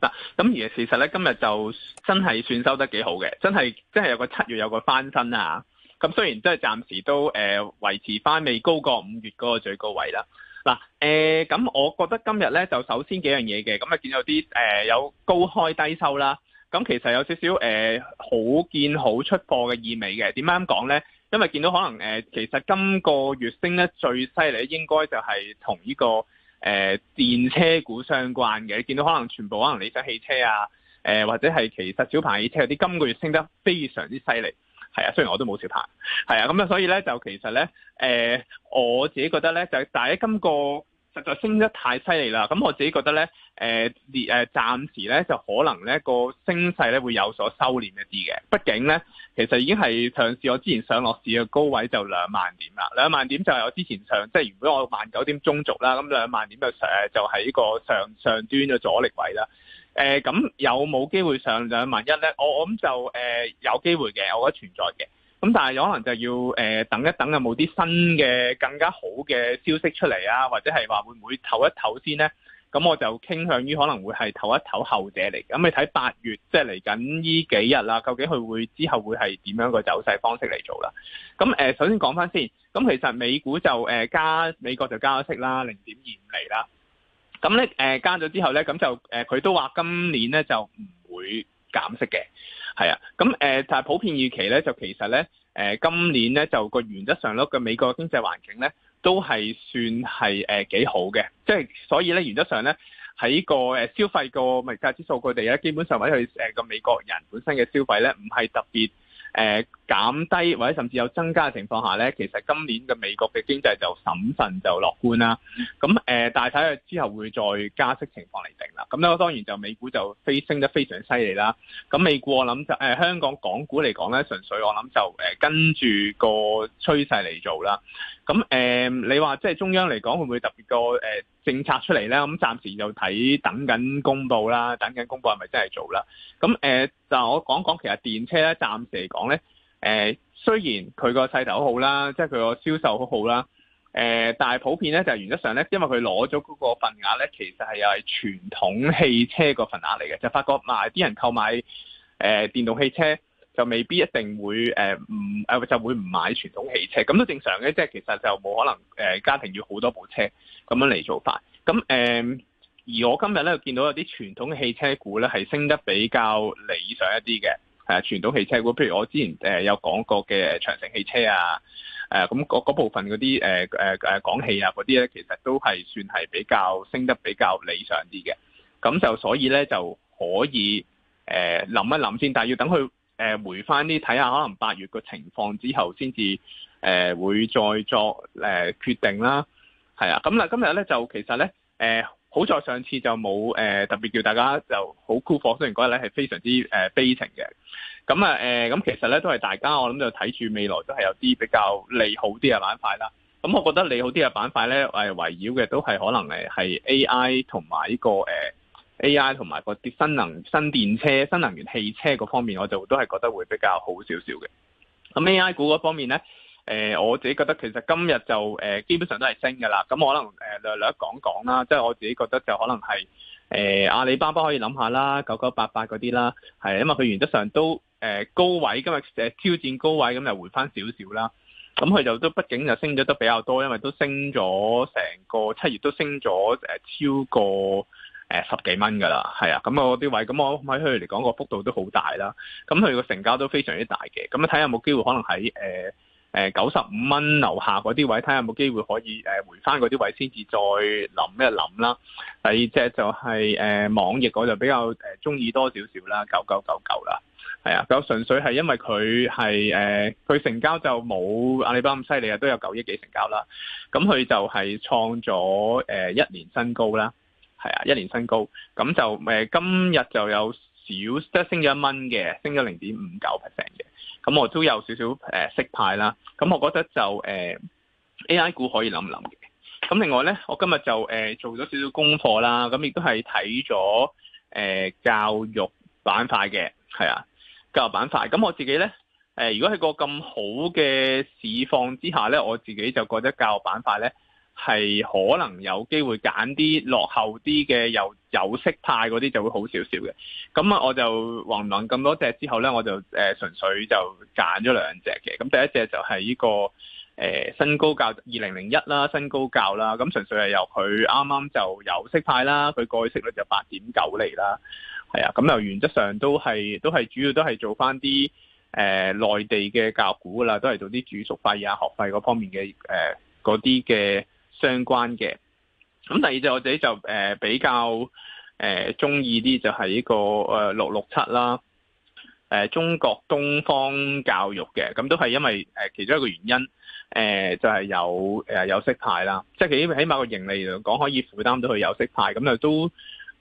嗱，咁而事實咧，今日就真係算收得幾好嘅，真係真係有個七月有個翻身啦，咁、啊、雖然真係暫時都誒、呃、維持翻未高過五月嗰個最高位啦。嗱、啊，誒、呃、咁我覺得今日咧就首先幾樣嘢嘅，咁、嗯、啊見到啲誒、呃、有高開低收啦，咁、嗯、其實有少少誒好見好出貨嘅意味嘅。點解咁講咧？因為見到可能誒、呃、其實今個月升咧最犀利應該就係同呢個。誒、呃、電車股相關嘅，你見到可能全部可能理想汽車啊，誒、呃、或者係其實小鵬汽車嗰啲今個月升得非常之犀利，係啊，雖然我都冇小鵬，係啊，咁、嗯、啊，所以咧就其實咧，誒、呃、我自己覺得咧就係，大家今、這個。就升得太犀利啦，咁我自己覺得咧，誒誒暫時咧就可能咧、這個升勢咧會有所收斂一啲嘅，畢竟咧其實已經係上次，我之前上落市嘅高位就兩萬點啦，兩萬點就係我之前上，即係如果我萬九點中軸啦，咁兩萬點就誒就喺個上、就是、個上，上端嘅阻力位啦。誒、呃、咁有冇機會上兩萬一咧？我我諗就誒、呃、有機會嘅，我覺得存在嘅。咁但係有可能就要誒、呃、等一等有冇啲新嘅更加好嘅消息出嚟啊，或者係話會唔會唞一唞先咧？咁我就傾向於可能會係唞一唞後者嚟。咁、嗯、你睇八月即係嚟緊呢幾日啦、啊？究竟佢會之後會係點樣個走勢方式嚟做啦、啊？咁誒、呃、首先講翻先，咁其實美股就誒加、呃，美國就加息啦，零點二五厘啦。咁咧誒加咗之後咧，咁就誒佢、呃、都話今年咧就唔會減息嘅。係啊，咁誒，但係普遍預期咧，就其實咧，誒、呃、今年咧，就個原則上咯，個美國經濟環境咧，都係算係誒幾好嘅，即、就、係、是、所以咧，原則上咧，喺個誒消費個物價指數佢哋咧，基本上或者佢誒個美國人本身嘅消費咧，唔係特別誒，呃減低或者甚至有增加嘅情況下咧，其實今年嘅美國嘅經濟就審慎就樂觀啦。咁誒，大體啊之後會再加息情況嚟定啦。咁咧，當然就美股就飛升得非常犀利啦。咁美股我諗就誒香港港股嚟講咧，純粹我諗就誒跟住個趨勢嚟做啦。咁誒，你話即係中央嚟講會唔會特別個誒政策出嚟咧？咁暫時就睇等緊公佈啦，等緊公佈係咪真係做啦？咁誒，就我講講其實電車咧，暫時嚟講咧。誒，雖然佢個勢頭好啦，即係佢個銷售好好啦，誒，但係普遍咧就係、是、原則上咧，因為佢攞咗嗰個份額咧，其實係又係傳統汽車個份額嚟嘅，就發覺買啲人購買誒、呃、電動汽車就未必一定會誒唔誒就會唔買傳統汽車，咁都正常嘅，即係其實就冇可能誒、呃、家庭要好多部車咁樣嚟做法。咁誒、呃，而我今日咧見到有啲傳統汽車股咧係升得比較理想一啲嘅。誒、啊，傳統汽車股，譬如我之前誒、呃、有講過嘅長城汽車啊，誒咁嗰部分嗰啲誒誒誒，廣、呃、汽啊嗰啲咧，其實都係算係比較升得比較理想啲嘅，咁就所以咧就可以誒諗、呃、一諗先，但係要等佢誒、呃、回翻啲，睇下可能八月個情況之後，先至誒會再作誒、呃、決定啦。係啊，咁啦，今日咧就其實咧誒。呃好在上次就冇誒、呃、特別叫大家就好沽貨，雖然嗰日咧係非常之誒悲情嘅。咁啊誒，咁、呃、其實咧都係大家我諗就睇住未來都係有啲比較利好啲嘅板塊啦。咁我覺得利好啲嘅板塊咧誒圍繞嘅都係可能誒係 A I 同埋、這、呢個誒、呃、A I 同埋個啲新能新電車、新能源汽車嗰方面，我就都係覺得會比較好少少嘅。咁 A I 股嗰方面咧。誒我自己覺得其實今日就誒基本上都係升㗎啦，咁、那個、可能誒略略一講一講啦，即係我自己覺得就可能係誒阿里巴巴可以諗下啦，九九八八嗰啲啦，係因為佢原則上都誒高位，今日誒挑戰高位咁又回翻少少啦，咁佢就都畢竟就升咗得比較多，因為都升咗成個七月都升咗誒超過誒十幾蚊㗎啦，係啊，咁我啲位咁我喺佢嚟講個幅度都好大啦，咁佢個成交都非常之大嘅，咁啊睇下有冇機會可能喺誒。呃誒九十五蚊樓下嗰啲位，睇下有冇機會可以誒回翻嗰啲位先至再諗一諗啦。第二隻就係誒網易我就比較誒中意多少少啦，九九九九啦。係啊，咁純粹係因為佢係誒佢成交就冇阿里巴巴咁犀利啊，都有九億幾成交啦。咁佢就係創咗誒一年新高啦。係啊，一年新高。咁就誒今日就有少即係升咗一蚊嘅，升咗零點五九 percent 嘅。咁、嗯、我都有少少誒識、呃、派啦，咁、嗯、我覺得就誒、呃、AI 股可以諗一諗嘅。咁、嗯、另外咧，我今日就誒、呃、做咗少少功課啦，咁、嗯、亦都係睇咗誒教育板塊嘅，係啊，教育板塊。咁、嗯、我自己咧誒、呃，如果喺個咁好嘅市況之下咧，我自己就覺得教育板塊咧。係可能有機會揀啲落後啲嘅，有有息派嗰啲就會好少少嘅。咁啊我就橫論咁多隻之後咧，我就誒、呃、純粹就揀咗兩隻嘅，咁第一隻就係呢、這個誒、呃、新高教二零零一啦，新高教啦，咁純粹係由佢啱啱就有息派啦，佢過去息率就八點九釐啦，係啊，咁又原則上都係都係主要都係做翻啲誒內地嘅教育股啦，都係做啲住宿費啊學費嗰方面嘅誒嗰啲嘅。呃相關嘅咁，第二隻我自己就誒、呃、比較誒中意啲就係呢、這個誒、呃、六六七啦。誒、呃、中國東方教育嘅咁都係因為誒、呃、其中一個原因誒、呃、就係、是、有誒、呃、有息派啦，即係起起碼個盈利嚟講可以負擔到佢有息派咁啊，都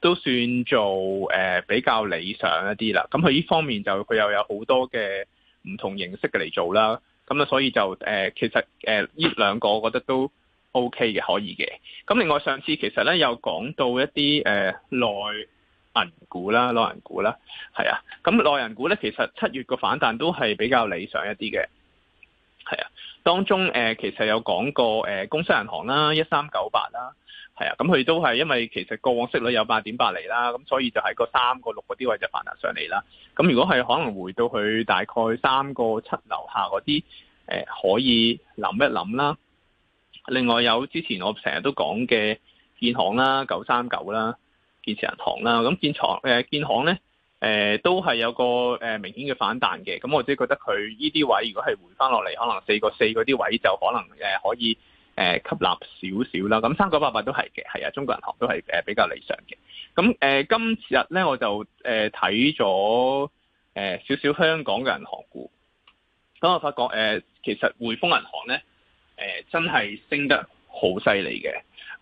都算做誒、呃、比較理想一啲啦。咁佢呢方面就佢又有好多嘅唔同形式嘅嚟做啦。咁啊，所以就誒、呃、其實誒呢、呃、兩個，我覺得都。O K 嘅，可以嘅。咁另外上次其實咧有講到一啲誒內銀股啦、內銀股啦，係啊。咁內銀股咧其實七月個反彈都係比較理想一啲嘅，係啊。當中誒、呃、其實有講過誒，工商銀行啦、一三九八啦，係啊。咁佢都係因為其實過往息率有八點八厘啦，咁所以就喺個三個六嗰啲位就反彈上嚟啦。咁如果係可能回到去大概三個七樓下嗰啲，誒、呃、可以諗一諗啦。另外有之前我成日都講嘅建行啦、九三九啦、建設銀行啦，咁建,建行誒建行咧誒都係有個誒明顯嘅反彈嘅，咁我自己覺得佢依啲位如果係回翻落嚟，可能四個四嗰啲位就可能誒可以誒、呃、吸納少少啦。咁三九八八都係嘅，係啊，中國銀行都係誒比較理想嘅。咁誒、呃、今日咧我就誒睇咗誒少少香港嘅銀行股，咁我發覺誒、呃、其實匯豐銀行咧。誒、呃，真係升得好犀利嘅，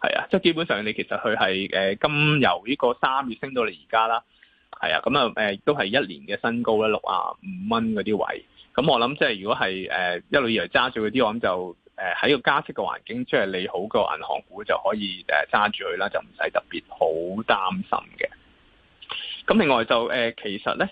係啊，即係基本上你其實佢係誒，今、呃、由呢個三月升到嚟而家啦，係啊，咁啊，誒，都係一年嘅新高咧，六十五蚊嗰啲位，咁、嗯、我諗即係如果係誒、呃、一路以嚟揸住嗰啲，我諗就誒喺、呃、個加息嘅環境，即係利好個銀行股就可以誒揸住佢啦，就唔使特別好擔心嘅。咁、嗯、另外就誒、呃，其實咧。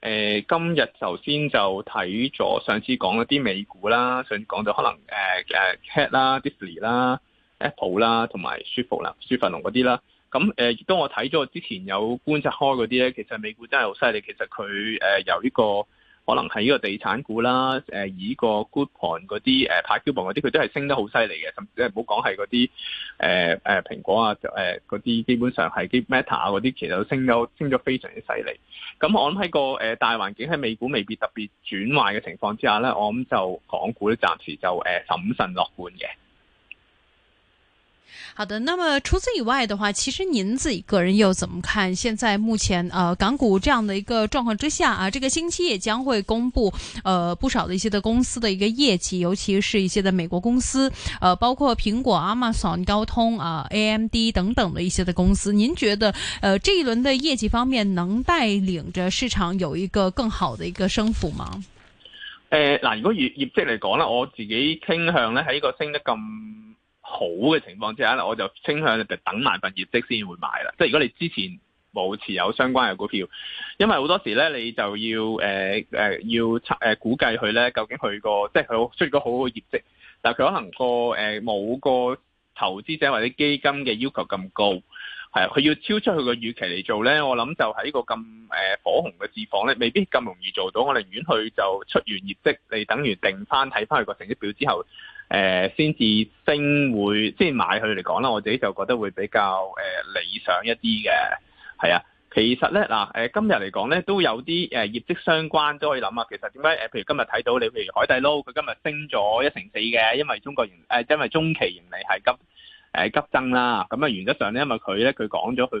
誒、呃、今日頭先就睇咗上次講一啲美股啦，上次講到可能誒誒、呃、Cat 啦、Disney 啦、Apple 啦，同埋舒服啦、舒粉龍嗰啲啦。咁、嗯、誒，當、呃、我睇咗之前有觀察開嗰啲咧，其實美股真係好犀利。其實佢誒、呃、由呢個。可能係呢個地產股啦，誒以個 Good Palm 嗰啲誒派 coupon 嗰啲，佢、啊、都係升得好犀利嘅。甚至係唔好講係嗰啲誒誒蘋果啊，誒嗰啲基本上係啲 Meta 啊嗰啲，其實都升咗升咗非常之犀利。咁我諗喺個誒大環境喺美股未必特別轉壞嘅情況之下咧，我諗就港股咧暫時就誒審慎樂觀嘅。啊好的，那麼除此以外的話，其實您自己個人又怎麼看？現在目前，呃，港股這樣的一個狀況之下，啊，這個星期也將會公布，呃，不少的一些的公司的一個業績，尤其是一些的美國公司，呃，包括蘋果、Amazon、高通啊、AMD 等等的一些的公司。您覺得，呃，這一輪的業績方面能帶領着市場有一個更好的一個升幅嗎？誒，嗱，如果業業績嚟講啦，我自己傾向咧喺一個升得咁。好嘅情況之下，我就傾向就等埋份業績先會買啦。即係如果你之前冇持有相關嘅股票，因為好多時咧你就要誒誒、呃呃、要測誒估計佢咧究竟佢個即係佢出咗好好嘅業績，但係佢可能個誒冇、呃、個投資者或者基金嘅要求咁高，係啊，佢要超出佢個預期嚟做咧，我諗就喺個咁誒、呃、火紅嘅市況咧，未必咁容易做到。我寧願去就出完業績，你等於定翻睇翻佢個成績表之後，誒先至升會，即係買佢嚟講啦，我自己就覺得會比較誒、呃、理想一啲嘅，係啊。其實咧嗱，誒、呃、今日嚟講咧都有啲誒、呃、業績相關都可以諗啊。其實點解誒？譬如今日睇到你，譬如海底撈，佢今日升咗一成四嘅，因為中國營、呃、因為中期盈利係急誒、呃、急增啦。咁、呃、啊，原則上咧，因為佢咧佢講咗佢會誒誒，佢、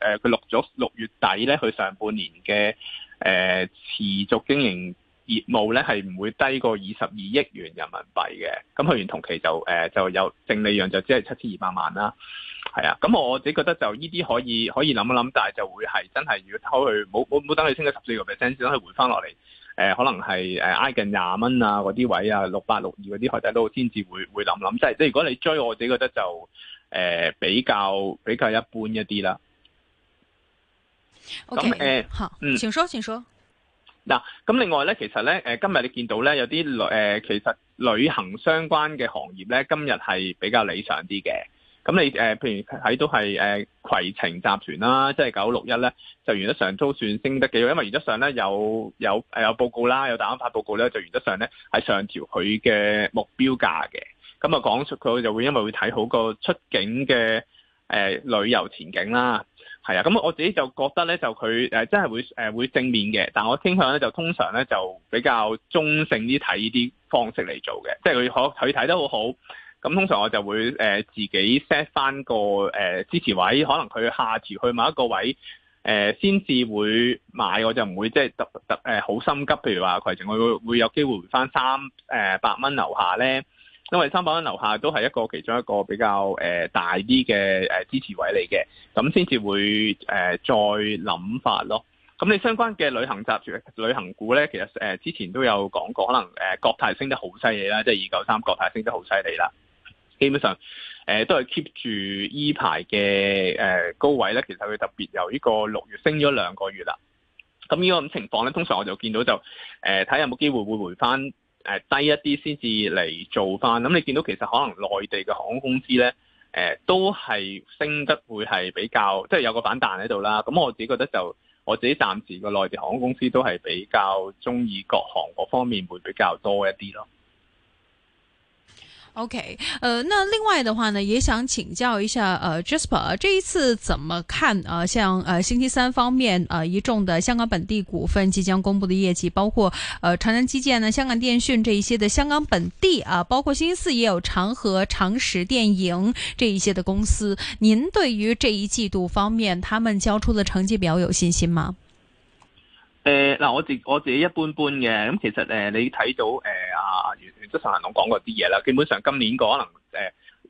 呃、錄咗六月底咧，佢上半年嘅誒、呃、持續經營業務咧係唔會低過二十二億元人民幣嘅，咁去年同期就誒、呃、就有淨利潤就只係七千二百萬啦，係啊，咁我自己覺得就呢啲可以可以諗一諗，但係就會係真係如果拋去冇冇冇等佢升咗十幾個 percent 先去回翻落嚟，誒、呃、可能係誒挨近廿蚊啊嗰啲位啊六百六二嗰啲海底都先至會會諗諗，即係即係如果你追，我自己覺得就誒、呃、比較比較一般一啲啦。咁，Okay、呃、好、嗯，請說請說。嗱，咁另外咧，其實咧，誒今日你見到咧有啲誒、呃，其實旅行相關嘅行業咧，今日係比較理想啲嘅。咁你誒、呃，譬如喺都係誒攜程集團啦，即係九六一咧，就原則上都算升得嘅，因為原則上咧有有誒有報告啦，有大行發報告咧，就原則上咧係上調佢嘅目標價嘅。咁啊，講出佢就會因為會睇好個出境嘅誒、呃、旅遊前景啦。係啊，咁、嗯、我自己就覺得咧，就佢誒、嗯、真係會誒會正面嘅，但我傾向咧就通常咧就比較中性啲睇呢啲方式嚟做嘅，即係佢可佢睇得好好咁、嗯，通常我就會誒、呃、自己 set 翻個誒、呃、支持位，可能佢下調去某一個位誒先至會買，我就唔會即係特特誒好心急，譬如話攜程，我會會有機會回翻三誒百蚊樓下咧。因為三百蚊樓下都係一個其中一個比較誒大啲嘅誒支持位嚟嘅，咁先至會誒、呃、再諗法咯。咁你相關嘅旅行集團、旅行股咧，其實誒、呃、之前都有講過，可能誒、呃、國泰升得好犀利啦，即係二九三國泰升得好犀利啦。基本上誒、呃、都係 keep 住依排嘅誒、呃、高位咧，其實佢特別由呢個六月升咗兩個月啦。咁呢個咁情況咧，通常我就見到就誒睇、呃、有冇機會會回翻。誒低一啲先至嚟做返，咁你見到其實可能內地嘅航空公司咧，誒都係升得會係比較，即係有個反彈喺度啦。咁我自己覺得就我自己暫時嘅內地航空公司都係比較中意國航嗰方面會比較多一啲咯。OK，呃，那另外的話呢，也想請教一下，呃，Jasper，這一次怎麼看？呃，像呃星期三方面，呃一眾的香港本地股份即將公布的業績，包括呃長江基建呢、香港電訊這一些的香港本地啊，包括星期四也有長和、長實電影這一些的公司，您對於這一季度方面他們交出的成績表有信心嗎？誒、呃，嗱、呃，我自我自己一般般嘅，咁其實誒、呃、你睇到誒啊。呃呃呃即上堂講過啲嘢啦，基本上今年個可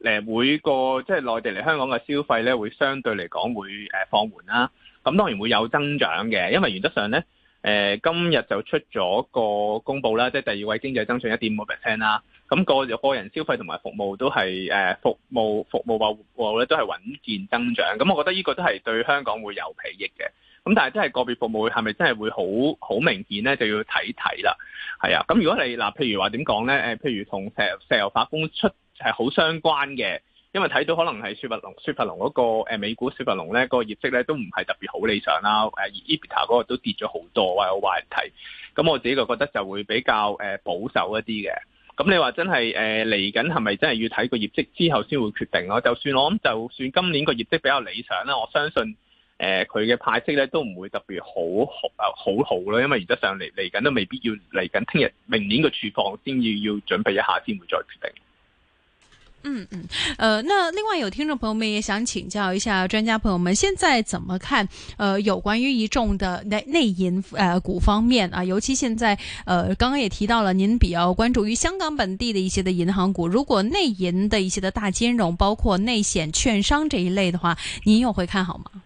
能誒誒每個即係、就是、內地嚟香港嘅消費咧，會相對嚟講會誒放緩啦。咁當然會有增長嘅，因為原則上咧誒今日就出咗個公佈啦，即係第二位經濟增長一點五 percent 啦。咁個個個人消費同埋服務都係誒服務服務業服務咧都係穩健增長。咁我覺得呢個都係對香港會有裨益嘅。咁但係真係個別服務係咪真係會好好明顯咧？就要睇睇啦。係啊，咁如果你嗱，譬如話點講咧？誒，譬如同石油石油化工出係好相關嘅，因為睇到可能係雪佛龍、雪佛龍嗰個誒美股雪佛龍咧個業績咧都唔係特別好理想啦。誒，而 Ebita 嗰個都跌咗好多，話有壞題。咁我自己就覺得就會比較誒保守一啲嘅。咁你話真係誒嚟緊係咪真係要睇個業績之後先會決定咯？就算我諗，就算今年個業績比較理想啦，我相信。佢嘅、呃、派息呢都唔會特別好好、呃、好好咯，因為而家上嚟嚟緊都未必要嚟緊聽日、明年嘅儲放先要要準備一下先會再決定。嗯嗯，誒、呃，那另外有聽眾朋友們也想請教一下專家朋友們，現在怎麼看？誒、呃，有關於一眾的內內銀誒股方面啊，尤其現在誒，剛、呃、剛也提到了，您比較關注於香港本地的一些的銀行股，如果內銀的一些的大金融，包括內險、券商這一類的話，您又會看好嗎？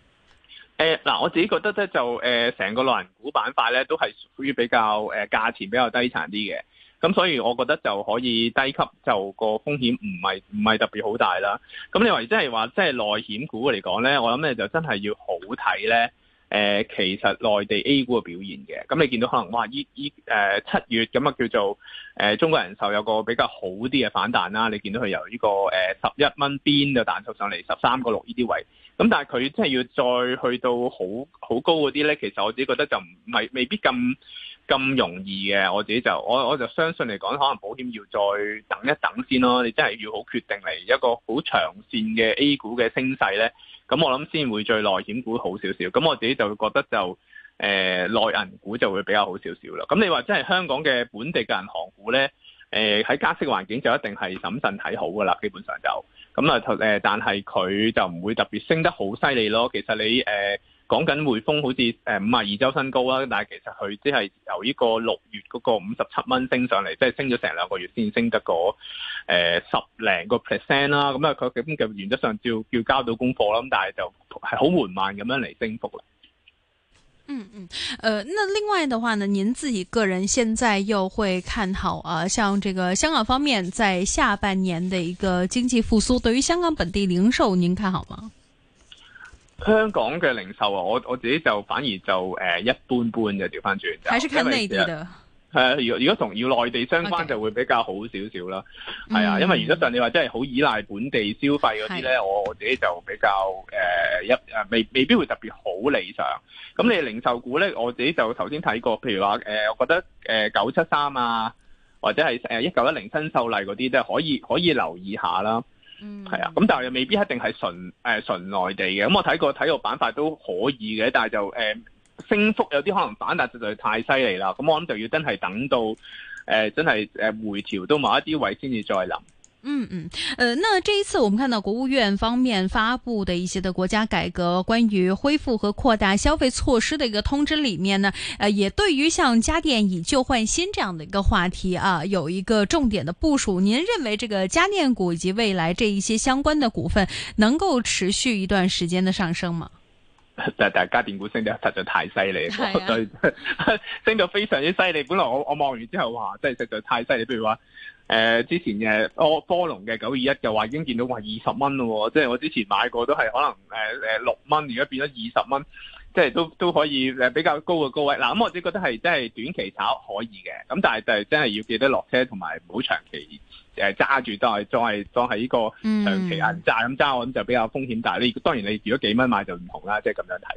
誒，嗱、呃、我自己覺得咧，就誒、成、呃、個內銀股板塊咧都係屬於比較誒、呃、價錢比較低殘啲嘅，咁所以我覺得就可以低吸，就個風險唔係唔係特別好大啦。咁你話即係話即係內險股嚟講咧，我諗咧就真係要好睇咧。誒、呃，其實內地 A 股嘅表現嘅，咁、嗯、你見到可能，哇！依依誒七月咁啊，叫做誒、呃、中國人壽有個比較好啲嘅反彈啦。你見到佢由呢、這個誒、呃、十一蚊邊就彈出上嚟十三個六呢啲位。咁、嗯、但係佢真係要再去到好好高嗰啲咧，其實我自己覺得就唔係未必咁咁容易嘅。我自己就我我就相信嚟講，可能保險要再等一等先咯。你真係要好決定嚟一個好長線嘅 A 股嘅升勢咧。咁我諗先會最內險股好少少，咁我自己就覺得就誒內銀股就會比較好少少啦。咁你話真係香港嘅本地嘅銀行股呢，誒、呃、喺加息嘅環境就一定係審慎睇好㗎啦，基本上就咁啊誒，但係佢就唔會特別升得好犀利咯。其實你誒。呃講緊匯豐好似誒五十二周新高啦，但係其實佢只係由呢個六月嗰個五十七蚊升上嚟，即係升咗成兩個月先升得、呃、個誒十零個 percent 啦。咁啊，佢咁嘅原則上就要要交到功課啦，咁但係就係好緩慢咁樣嚟升幅啦、嗯。嗯嗯，誒、呃，那另外嘅話呢，您自己個人現在又會看好啊？像這個香港方面在下半年的一個經濟復甦，對於香港本地零售，您看好嗎？香港嘅零售啊，我我自己就反而就誒、呃、一般般嘅，調翻轉，係出緊內地嘅，係啊，如如果同要內地相關就會比較好少少啦，係啊 Okay.，因為原則上你話真係好依賴本地消費嗰啲咧，我 我自己就比較誒一誒未未必會特別好理想。咁你零售股咧，我自己就頭先睇過，譬如話誒、呃，我覺得誒九七三啊，或者係誒一九一零新秀麗嗰啲即係可以可以留意下啦。嗯，係啊，咁但係又未必一定係純誒純內地嘅，咁、嗯、我睇過體育板塊都可以嘅，但係就誒、呃、升幅有啲可能反彈就係實在太犀利啦，咁我諗就要真係等到誒、呃、真係誒回調到某一啲位先至再諗。嗯嗯，呃，那這一次我們看到國務院方面發布的一些的國家改革關於恢復和擴大消費措施的一個通知裏面呢，呃，也對於像家電以舊換新這樣的一個話題啊，有一個重點的部署。您認為這個家電股以及未來這一些相關的股份能夠持續一段時間的上升嗎？但但家電股升得實在太犀利，啊、 升到非常之犀利。本來我我望完之後哇，真係實在太犀利。比如話。誒，之前嘅科科龍嘅九二一就話已經見到話二十蚊咯，即係我之前買過都係可能誒誒六蚊，如果變咗二十蚊，即係都都可以誒比較高嘅高位。嗱、啊，咁、嗯、我自己覺得係真係短期炒可以嘅，咁但係就係真係要記得落車，同埋唔好長期誒揸、呃、住都再，再再再喺呢個長期啊揸咁揸，咁就比較風險大。你當然你如果幾蚊買就唔同啦，即係咁樣睇。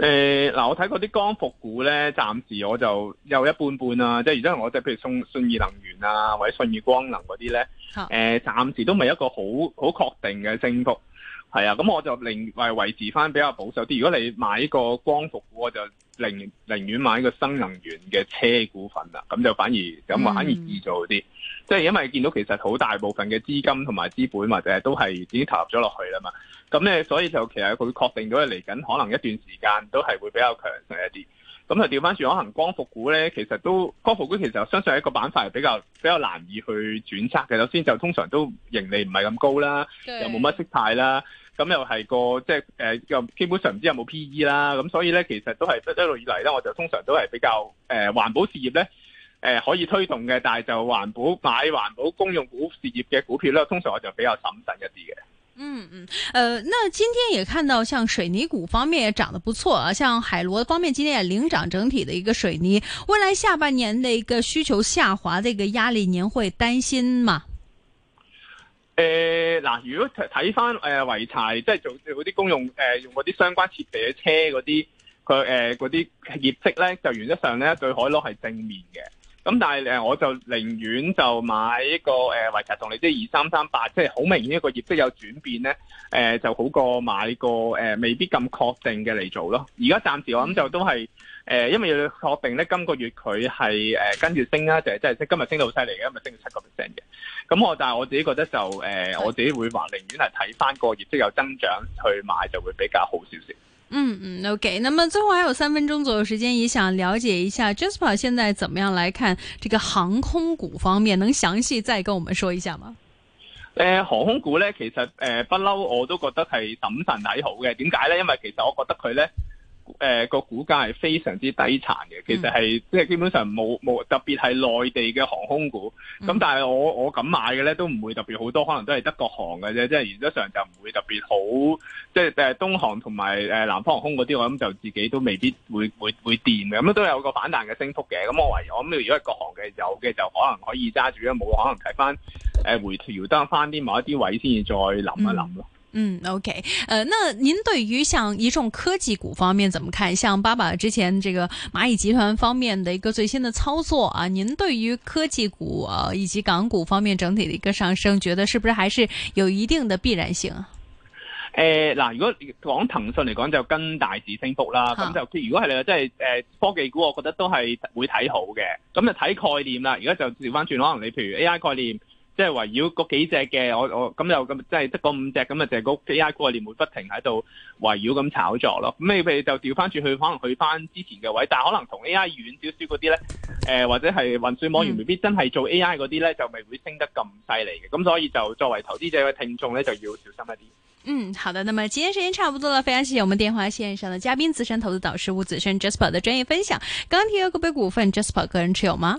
誒，嗱、呃，我睇嗰啲光伏股咧，暫時我就又一般般啦、啊。即係而家我即係譬如信信義能源啊，或者信義光能嗰啲咧，誒、啊，暫、呃、時都未一個好好確定嘅升幅，係啊。咁我就寧誒維持翻比較保守啲。如果你買個光伏股，我就寧寧願買個新能源嘅車股份啦。咁就反而咁啊，反而易做啲。嗯、即係因為見到其實好大部分嘅資金同埋資本或者、就是、都係已經投入咗落去啦嘛。咁咧，所以就其實佢確定咗，咧，嚟緊可能一段時間都係會比較強勢一啲。咁就調翻轉，可能光伏股咧，其實都光伏股其實相信係一個板塊係比較比較難以去轉差嘅。首先就通常都盈利唔係咁高啦，又冇乜息派啦，咁又係個即係誒又基本上唔知有冇 PE 啦。咁所以咧，其實都係一路以嚟咧，我就通常都係比較誒、呃、環保事業咧誒、呃、可以推動嘅，但係就環保買環保公用股事業嘅股票咧，通常我就比較審慎一啲嘅。嗯嗯，呃，那今天也看到，像水泥股方面也漲得不錯啊，像海螺方面今天也領漲，整體的一個水泥，未來下半年的一個需求下滑的一個壓力，您會擔心嗎？誒、呃，嗱、呃，如果睇翻誒濰柴，即係做嗰啲公用，誒、呃、用嗰啲相關設備嘅車嗰啲，佢誒嗰啲業績咧，就原則上咧對海螺係正面嘅。咁、嗯、但係誒，我就寧願就買一個誒、呃、濰柴同你即係二三三八，即係好明顯一個業績有轉變咧，誒、呃、就好過買個誒、呃、未必咁確定嘅嚟做咯。而家暫時我諗就都係誒、呃，因為要確定咧，今個月佢係誒跟住升啦，就係即係今日升到好犀利嘅，因為升到七個 percent 嘅。咁我但係我自己覺得就誒，呃、的我自己會話寧願係睇翻個業績有增長去買就會比較好少少。嗯嗯，OK，那麼最後還有三分鐘左右時間，也想了解一下 Jasper 現在怎麼樣來看這個航空股方面，能詳細再跟我們說一下嗎？呃、航空股呢，其實不嬲、呃、我都覺得係謹慎睇好嘅，點解呢？因為其實我覺得佢呢。誒、呃、個股價係非常之低殘嘅，其實係、嗯、即係基本上冇冇，特別係內地嘅航空股。咁、嗯、但係我我咁買嘅咧，都唔會特別好多，可能都係得國航嘅啫，即係原則上就唔會特別好。即係誒東航同埋誒南方航空嗰啲，我諗就自己都未必會會會掂嘅。咁都都有個反彈嘅升幅嘅。咁我懷疑，我諗如果係國航嘅有嘅就可能可以揸住，如果冇可能睇翻誒回調得翻啲某一啲位先至再諗一諗咯。嗯嗯，OK，誒、呃，那您對於像一眾科技股方面怎麼看？像爸爸之前這個螞蟻集團方面的一個最新的操作啊，您對於科技股啊、呃、以及港股方面整體的一個上升，覺得是不是還是有一定的必然性啊？誒，嗱，如果講騰訊嚟講，就跟大市升幅啦，咁好就如果係你即係誒科技股，我覺得都係會睇好嘅，咁就睇概念啦。而家就調翻轉，可能你譬如 AI 概念。即係圍繞嗰幾隻嘅，我我咁就咁，即係得嗰五隻咁啊，就嗰 A I 概念股不停喺度圍繞咁炒作咯。咁你譬如就調翻轉去，可能去翻之前嘅位，但係可能同 A I 遠少少嗰啲咧，誒、呃、或者係雲計算、網元、嗯、未必真係做 A I 嗰啲咧，就咪會升得咁犀利嘅。咁所以就作為投資者嘅聽眾咧，就要小心一啲。嗯，好的。那麼今天時間差唔多啦，非常謝謝我們電話線上的嘉賓、資深投資導師吳子軒 Jasper 嘅專業分享。剛剛提過杯股份 Jasper 個人持有嗎？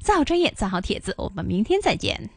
造好專業，造好帖子，我們明天再見。